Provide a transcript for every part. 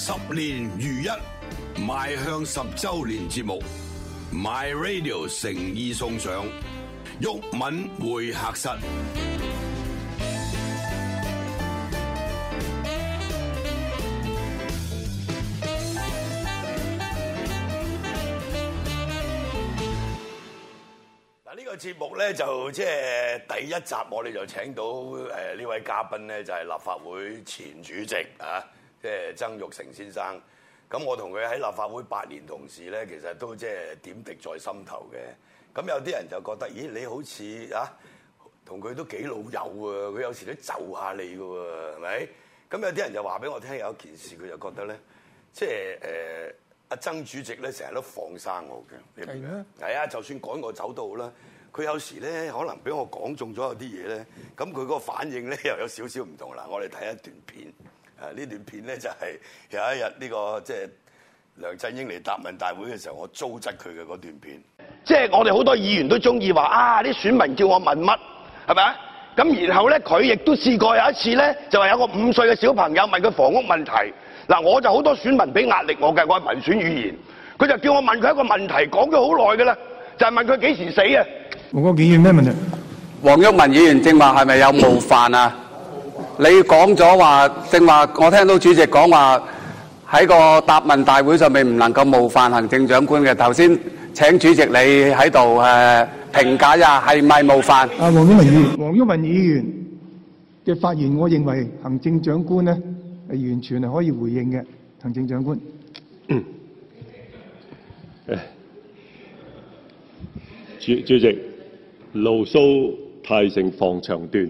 十年如一，邁向十周年節目，My Radio 誠意送上，毓民會客室。嗱，呢個節目咧就即係第一集，我哋就請到誒呢位嘉賓咧，就係、是、立法會前主席啊。即係曾鈺成先生，咁我同佢喺立法會八年同事咧，其實都即係點滴在心頭嘅。咁有啲人就覺得，咦，你好似啊同佢都幾老友啊，佢有時都就下你㗎喎，係咪？咁有啲人就話俾我聽，有一件事佢就覺得咧，即係誒阿曾主席咧成日都放生我嘅，嗎你明唔明？係啊，就算趕我走都好啦。佢有時咧可能俾我講中咗有啲嘢咧，咁佢嗰個反應咧又有少少唔同啦。我哋睇一段片。誒呢段片咧就係有一日呢、這個即係梁振英嚟答問大會嘅時候，我糟質佢嘅嗰段片。即係我哋好多議員都中意話啊，啲選民叫我問乜係咪咁，然後咧，佢亦都試過有一次咧，就係有個五歲嘅小朋友問佢房屋問題。嗱、啊，我就好多選民俾壓力我嘅，我係民選議員，佢就叫我問佢一個問題，講咗好耐嘅啦，就係、是、問佢幾時死啊？黃國健議員咩問題？黃毓民議員正話係咪有冒犯啊？ 你講咗話，正話，我聽到主席講話喺個答問大會上面唔能夠冒犯行政長官嘅。頭先請主席你喺度誒評價呀，係咪冒犯？阿黃毓民議員，黃毓民議員嘅發言，我認為行政長官呢係完全係可以回應嘅。行政長官，主主席，露宿太城防長段。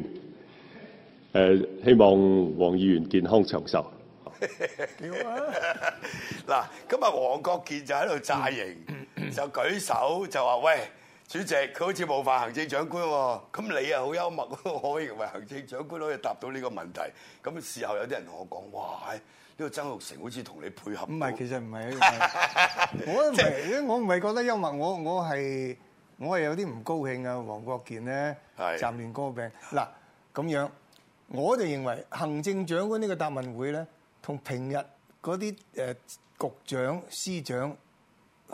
誒希望黃議員健康長壽。嗱， 今日黃國健就喺度詐型，嗯嗯嗯、就舉手就話：喂，主席，佢好似冒犯行政長官喎。咁你又好幽默，我以為行政長官可以答到呢個問題。咁事後有啲人同我講：哇，呢、呢個曾鈺成好似同你配合。唔係，其實唔係。唔係 我唔係， 我唔係覺得幽默。我我係我係有啲唔高興啊。黃國健咧，是暫亂嗰個病嗱咁樣。我就認為行政長官呢個答問會咧，同平日嗰啲局長、司長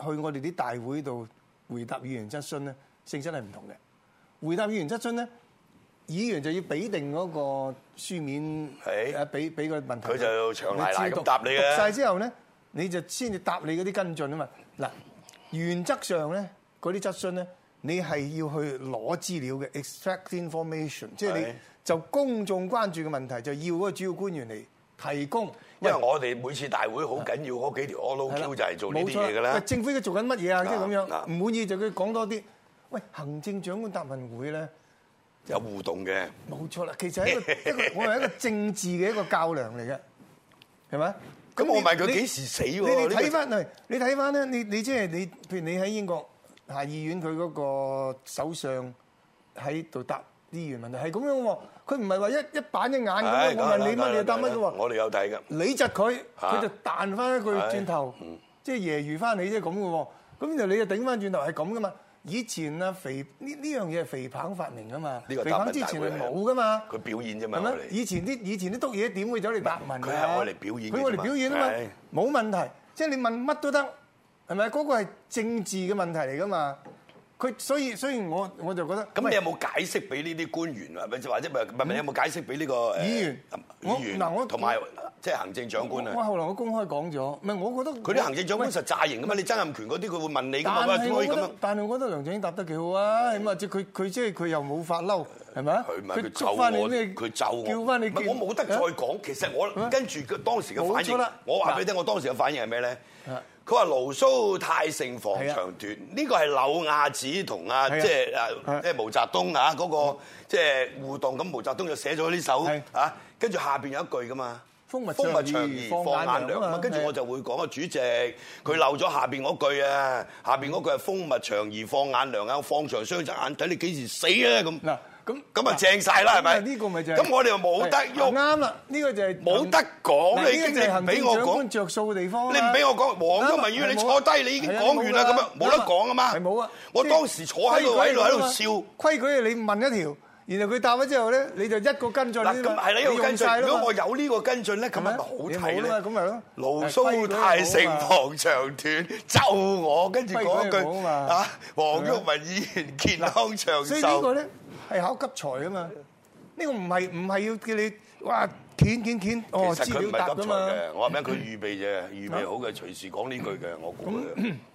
去我哋啲大會度回答議員質詢咧，性質係唔同嘅。回答議員質詢咧，議員就要俾定嗰個書面誒，俾俾個問題，佢就要長奶奶你答你嘅。讀晒之後咧，你就先至答你嗰啲跟進啊嘛。嗱，原則上咧，嗰啲質詢咧，你係要去攞資料嘅，Extract information，即係你。Hey. 就公眾關注嘅問題，就要嗰個主要官員嚟提供。因為，因為我哋每次大會好緊要嗰的幾條 oral Q 就係做呢啲嘢㗎啦。政府佢做緊乜嘢啊？即係咁樣唔的滿意就佢講多啲。喂，行政長官答問會咧，有互動嘅。冇錯啦，其實係一個， 一個我係一個政治嘅一個較量嚟嘅，係咪？咁我問佢幾時死的你？你睇翻嚟，你睇翻咧，你你即係你，你，譬如你喺英國下議院，佢嗰個首相喺度答。資源問題係咁樣喎，佢唔係話一一板一眼咁樣，我問你乜你就答乜嘅。我哋有睇㗎，你窒佢，佢就彈翻一句轉頭，即係揶揄翻你，即係咁嘅喎。咁就你就頂翻轉頭係咁嘅嘛？以前啊，肥呢呢樣嘢係肥彭發明嘅嘛，肥彭之前係冇嘅嘛。佢表演啫嘛，以前啲以前啲督嘢點會走嚟答問啊？佢係我嚟表演嘅嘛，冇問題。即係你問乜都得，係咪？嗰個係政治嘅問題嚟㗎嘛？佢所以，所以我我就覺得咁，你有冇解釋俾呢啲官員啊？或者或者唔係你有冇解釋俾呢個議員？我嗱，我同埋即係行政長官啊！我後來我公開講咗，唔係我覺得佢啲行政長官實炸型噶嘛，你曾蔭權嗰啲佢會問你噶嘛。咁但係我覺得梁振英答得幾好啊！咁或者佢佢即係佢又冇發嬲係咪佢唔我，佢揪我叫翻你我冇得再講。其實我跟住當時嘅反應，我話俾你聽，我當時嘅反應係咩咧？佢話牢騷太盛，防腸斷，呢是的 個係柳亞子同啊即係即毛澤東啊嗰是的、那個即係、就是、互動。咁毛澤東就寫咗呢首，跟住是的 下面有一句噶嘛。風是的 物長宜放眼量啊嘛。跟住我就會講啊，主席佢漏咗下面嗰句啊，下面嗰句係風物長宜放眼量啊，放長雙眼雙隻眼睇你幾時死啊咁。咁咁啊正曬啦，係咪？咁我哋又冇得喐，啱啦。呢個就係冇得講。你經濟俾我講着數嘅地方，你唔俾我講，黃毓民議員，你坐低你已經講完啦，咁啊冇得講啊嘛。係冇啊！我當時坐喺度喺度喺度笑規矩啊！你問一條，然後佢答咗之後咧，你就一個跟進嗱咁係咧一個跟進。如果我有呢個跟進咧，咁啊咪好睇咧。咁咪咯，牢騷太盛，防腸斷，就我跟住講一句啊！黃毓民議員健康長壽。所以呢個咧。係考急才啊嘛，呢個唔係唔係要叫你哇，斷斷斷哦，知唔知要答啫嘛？我話咩？佢預備啫，預備好嘅隨時講呢句嘅，我估。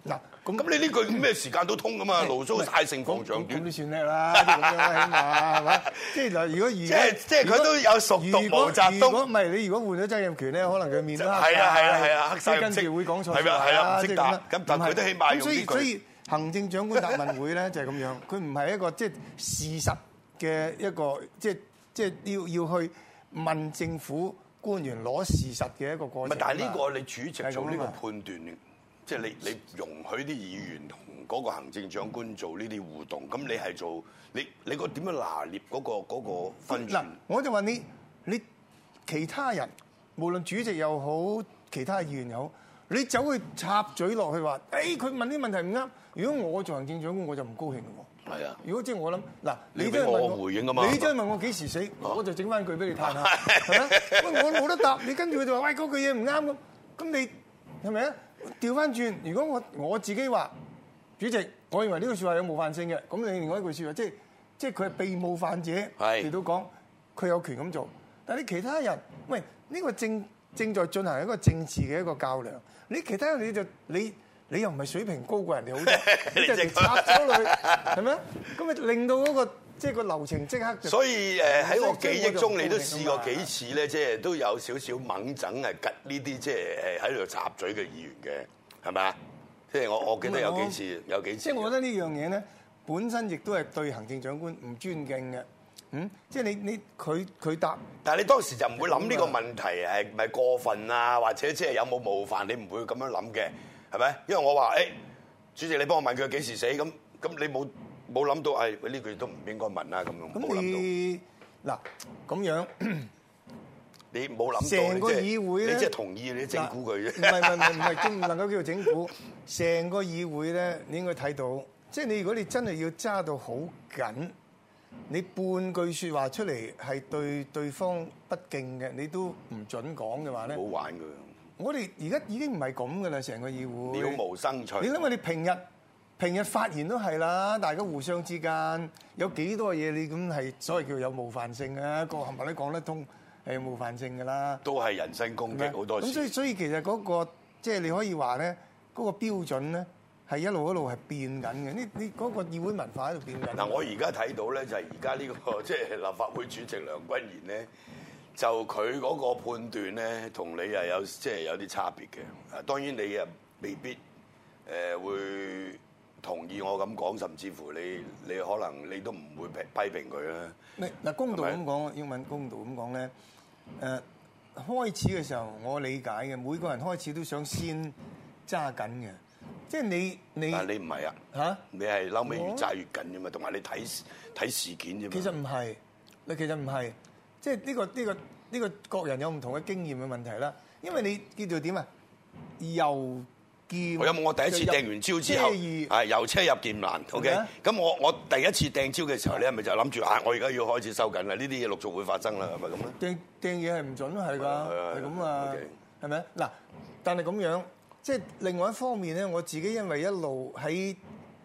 嗱咁咁你呢句咩時間都通㗎嘛？鹵蘇塞城放長短，都算叻啦，啲嘛，即係嗱，如果如果即係即係佢都有熟讀毛澤東。如果唔係你如果換咗曾蔭權咧，可能佢面啦。係啊係啊係啊，黑曬唔識會講錯係啊，係唔識答。咁但係佢都起碼用啲。行政長官答問會咧就係咁樣，佢唔係一個即係事實嘅一個，即係即係要要去問政府官員攞事實嘅一個過程。唔係，但係呢個你主席做呢個判斷，即係你你容許啲議員同嗰個行政長官做呢啲互動，咁你係做你你個點樣拿捏嗰個嗰個分寸？嗱，我就話你你其他人，無論主席又好，其他議員又好。你走去插嘴落去話，誒、哎、佢問啲問題唔啱。如果我做行政長官，我就唔高興嘅啊。的如果即係我諗，嗱，你都問我，我回應嘛，你真係問我幾時死，啊、我就整翻句俾你嘆下，係咪？ 我冇得答，你跟住佢就、哎、話，喂，嗰句嘢唔啱咁。咁你係咪啊？調翻轉，如果我我自己話，主席，我認為呢句説話有冒犯性嘅。咁你另外一句説話，即係即係佢係被冒犯者，嚟的都講，佢有權咁做。但係你其他人，喂，呢、呢個政……」正在進行一個政治嘅一個較量，你其他你就你你又唔係水平高過人哋好多，你就插咗佢係咪？咁咪 令到嗰、那個即係、就是、個流程即刻，就。所以誒喺我記憶中，就就你都試過幾次咧，即係吧都有少少猛整係吉呢啲即係喺度插嘴嘅議員嘅係咪啊？即係、就是、我我記得有幾次，我有幾次。即係我覺得這呢樣嘢咧，本身亦都係對行政長官唔尊敬嘅。嗯，即係你你佢佢答，但係你當時就唔會諗呢個問題係咪過分啊，或者即係有冇冒犯，你唔會咁樣諗嘅，係咪？因為我話誒、欸，主席你幫我問佢幾時死，咁咁你冇冇諗到誒，哎，呢句都唔應該問啦，咁樣你冇諗到。嗱，咁樣你冇諗成個議會咧，你即係同意你整蠱佢啫，唔係唔係唔係，唔 能夠叫做整蠱。成個議會咧，你應該睇到，即係你如果你真係要揸到好緊。你半句説話出嚟係對對方不敬嘅，你都唔準講嘅話咧。唔好玩㗎！我哋而家已經唔係咁㗎啦，成個議會。了無生趣。你諗下，你平日平日發言都係啦，大家互相之間有幾多嘢你咁係所謂叫有冒犯性嘅一個，冚唪唥都講得通，係有冒犯性㗎啦。都係人身攻擊好多。咁所以所以其實嗰個即係你可以話咧，嗰個標準咧，係一路一路係變緊嘅，呢呢嗰個議會文化喺度變緊。嗱，我而家睇到咧，就係而家呢個即係、就是、立法會主席梁君彥咧，就佢嗰個判斷咧，同你又有即係有啲差別嘅。當然你又未必誒會同意我咁講，甚至乎你你可能你都唔會批評佢啦。咪嗱公道咁講，是是英文公道咁講咧，誒開始嘅時候我理解嘅，每個人開始都想先揸緊嘅，即係你你，你啊？你係嬲尾越揸越緊啫嘛，同埋、哦、你睇睇事件啫嘛。其實唔係，你其實唔係，即係、呢、呢個呢、呢個呢、呢個各人有唔同嘅經驗嘅問題啦。因為你叫做點啊？由儉，有冇、嗯、我第一次掟完蕉之後，係由奢，以奢入儉難，OK？咁、啊、我我第一次掟蕉嘅時候，你係咪就諗住啊？我而家要開始收緊啦，呢啲嘢陸續會發生啦，係咪咁咧？掟掟嘢係唔準係㗎，係咁嘛，係咪嗱，但係咁樣。即係另外一方面咧，我自己因為一路喺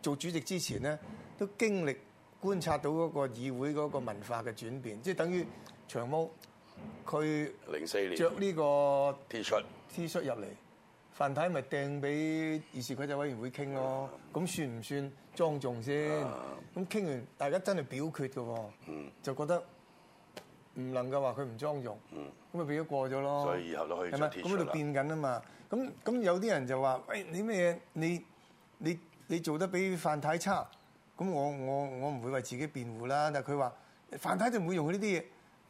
做主席之前咧，都經歷觀察到嗰個議會嗰個文化嘅轉變，即係等於長毛佢零四年着呢個 t 恤 t 恤入嚟，范太咪掟俾議事規則委員會傾咯，咁、uh, 算唔算莊重先？咁傾、uh, 完大家真係表決嘅，嗯，就覺得。唔能夠話佢唔裝用，咁咪變咗過咗咯。所以以後都可以咁變緊啊嘛，咁咁、嗯、有啲人就話：喂，你咩嘢？你你你做得比范太差，咁我我我唔會為自己辯護啦。但係佢話范太就唔會用呢啲嘢，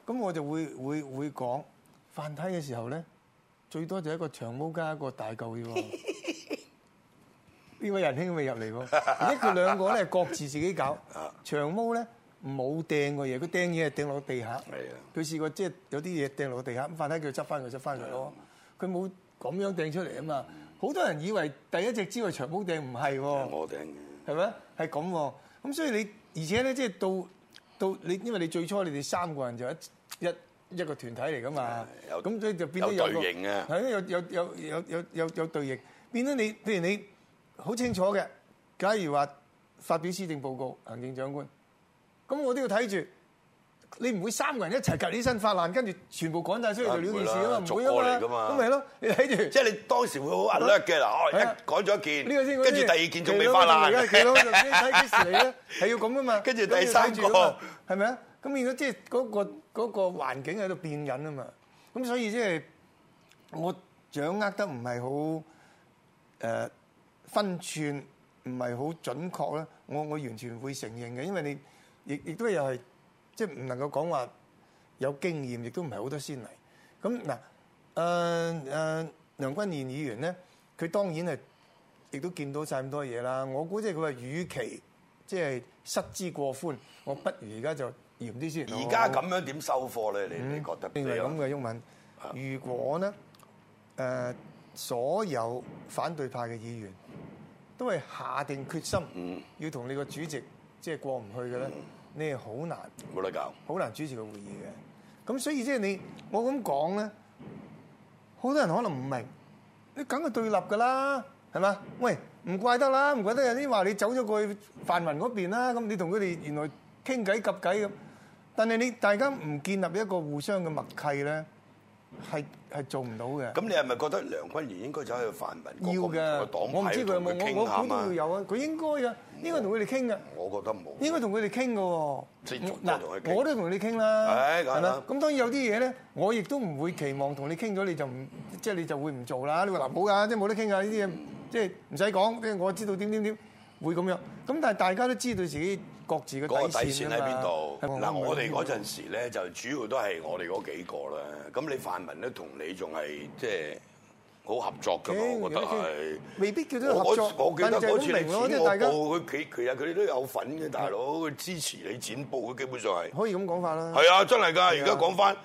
咁我就會會會講范太嘅時候咧，最多就係一個長毛加一個大嚿啫喎。邊位仁兄未入嚟喎， 而且佢兩個咧，各自自己搞 長毛咧。冇掟過嘢，佢掟嘢係掟落地下。佢係試過即係、即係、有啲嘢掟落個地下咁，快睇佢執翻佢執翻佢咯。佢冇咁樣掟出嚟啊嘛。好、嗯、多人以為第一隻招係長毛掟，唔係我掟嘅，係咪？係咁咁，所以你而且咧，即、即、係、係、到到你，因為你最初你哋三個人就一一一,一個團體嚟噶嘛，咁所以就變咗有隊形嘅係有隊形有有有有有有隊形變咗。你譬如你好清楚嘅，假如話發表施政報告，行政長官。咁我都要睇住，你唔會三個人一齊趌起你身發難，跟住全部趕晒出去做呢件事咯，唔嚟啊嘛，咁咪咯，你睇住，即係你當時會好忽略嘅啦。改咗的、哦、一件，呢個先，跟住、就是、第二件仲未發難。係 要咁啊嘛。跟住第三個，係咪啊？咁而家即係嗰個嗰環境喺度變緊啊嘛。咁所以即係我掌握得唔係好誒分寸，唔係好準確啦。我我完全會承認嘅，因為你。亦亦都又係，即係唔能夠講話有經驗，亦都唔係好多先例。咁嗱，誒、呃、誒、呃、梁君彥議員咧，佢當然係亦都見到晒咁多嘢啦。我估即係佢話，與其即係失之過寬，我不如而家就嚴啲先。而家咁樣點我收貨咧？你、嗯、你覺得？用係咁嘅英文。啊、如果呢？誒、呃，所有反對派嘅議員都係下定決心，嗯、要同你個主席。即係過唔去嘅咧，嗯、你係好難，冇得搞，好難主持個會議嘅。咁所以即係你，我咁講咧，好多人可能唔明，你梗係對立㗎啦，係嘛？喂，唔怪得啦，唔怪得有啲話你走咗過去泛民嗰邊啦，咁你同佢哋原來傾偈及偈咁，但係你大家唔建立一個互相嘅默契咧。係係做唔到嘅。咁你係咪覺得梁君彥應該走去泛民要嘅的？我唔知佢咪，我我估要有啊，佢應該啊，我應該同佢哋傾嘅。我覺得冇。應該同佢哋傾㗎喎。尊重同佢我都同你傾啦。係啦。咁當然有啲嘢咧，我亦都唔會期望同你傾咗你就唔，即係你就會唔做啦。你話唔好㗎，即係冇得傾㗎呢啲嘢，即係唔使講，即係我知道點點點。會咁樣，咁但係大家都知道自己各自嘅底線喺邊度。嗱，是是我哋嗰陣時咧就主要都係我哋嗰幾個啦。咁你泛民咧同你仲係即係好合作㗎嘛。欸、我覺得係。未必叫得合作我。我記得嗰次剪報佢佢佢哋都有份嘅大佬，佢支持你剪報嘅基本上係。可以咁講法啦。係啊，真係㗎！而家講翻。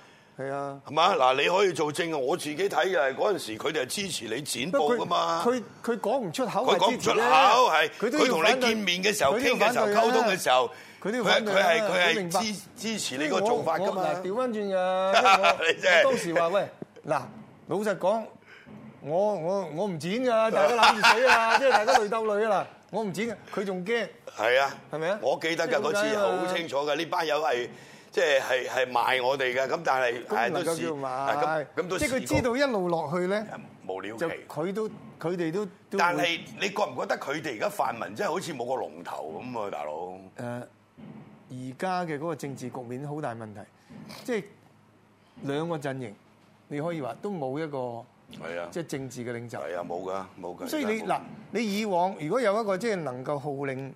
係啊，係嘛？嗱，你可以做證啊！我自己睇嘅係嗰陣時，佢哋係支持你剪播噶嘛。佢佢講唔出口。佢講唔出口係，佢同你見面嘅時候，傾嘅時候，溝通嘅時候，佢都反佢係佢係支支持你個做法㗎嘛。嗱，調翻轉啊，你，當時話喂，嗱，老實講，我我我唔剪㗎，大家諗住死啦，即係大家累鬥累啦，我唔剪，佢仲驚。係啊。係咪啊？我記得㗎嗰次，好清楚㗎，呢班友係。即係係係賣我哋嘅，咁但係，但咁，但但但即係佢知道一路落去咧，無了期。佢都佢哋都。都但係你，會你覺唔覺得佢哋而家泛民真係好似冇個龍頭咁啊，大佬？誒、呃，而家嘅嗰個政治局面好大問題，即、就、係、是、兩個陣營，你可以話都冇一個係是啊，啊，即係政治嘅領袖係啊，冇㗎，冇㗎。所以你嗱，你以往如果有一個即係能夠號令，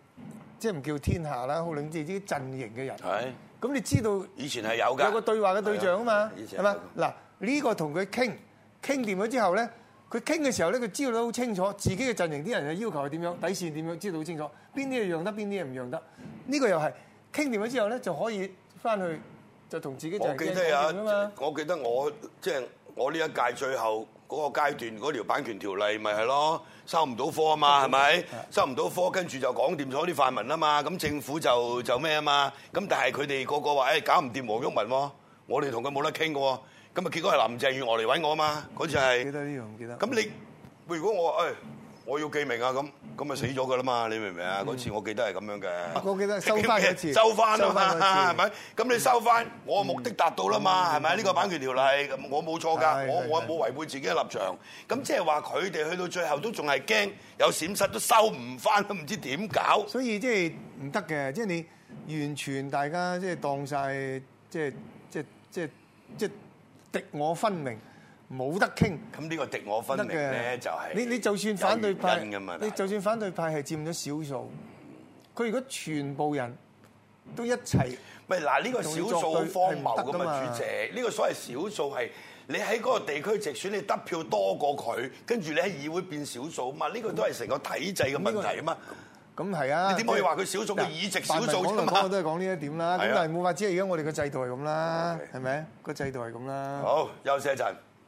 即係唔叫天下啦，號令自己啲陣營嘅人係。咁你知道以前係有嘅，有個對話嘅對象啊嘛，以前係嘛？嗱呢個同佢傾傾掂咗之後咧，佢傾嘅時候咧，佢知道得好清楚自己嘅陣營啲人嘅要求係點樣，底線點樣，知道好清楚，邊啲係讓得，邊啲係唔讓得。呢個又係傾掂咗之後咧，就可以翻去就同自己陣營傾啊嘛。我記得我即係我呢一屆最後。嗰個階段嗰條版權條例咪係咯，收唔到科啊嘛，係咪？收唔到科，跟住的就講掂咗啲泛民啊嘛，咁政府就就咩啊嘛，咁但係佢哋個個話誒搞唔掂黃毓民喎，我哋同佢冇得傾㗎喎，咁啊結果係林鄭月娥嚟搵我啊嘛，嗰次係記得呢、這、樣、個、記得。咁你如果我誒、欸，我要記名啊咁。咁咪死咗噶啦嘛？你明唔明啊？嗰次我記得係咁樣嘅，我記得收翻一次，收翻啊嘛，係咪？咁你收翻，我目的達到啦嘛，係咪？呢個版權條例，我冇錯噶，我我冇違背自己嘅立場。咁即係話佢哋去到最後都仲係驚，有閃失都收唔翻，都唔知點搞。所以即係唔得嘅，即係你完全大家即係當晒，即係即係即係即係敵我分明。冇得傾。咁呢個敵我分明咧，就係你你就算反對派，你就算反對派係佔咗少數，佢如果全部人都一齊，咪嗱呢個少數荒謬咁嘛，主席呢個所謂少數係你喺嗰個地區直選你得票多過佢，跟住你喺議會變少數嘛，呢個都係成個體制嘅問題啊嘛。咁係啊，你點可以話佢少數嘅議席，少數我都係講呢一點啦。咁但係冇話知，而家我哋個制度係咁啦，係咪？個制度係咁啦。好，休息一陣。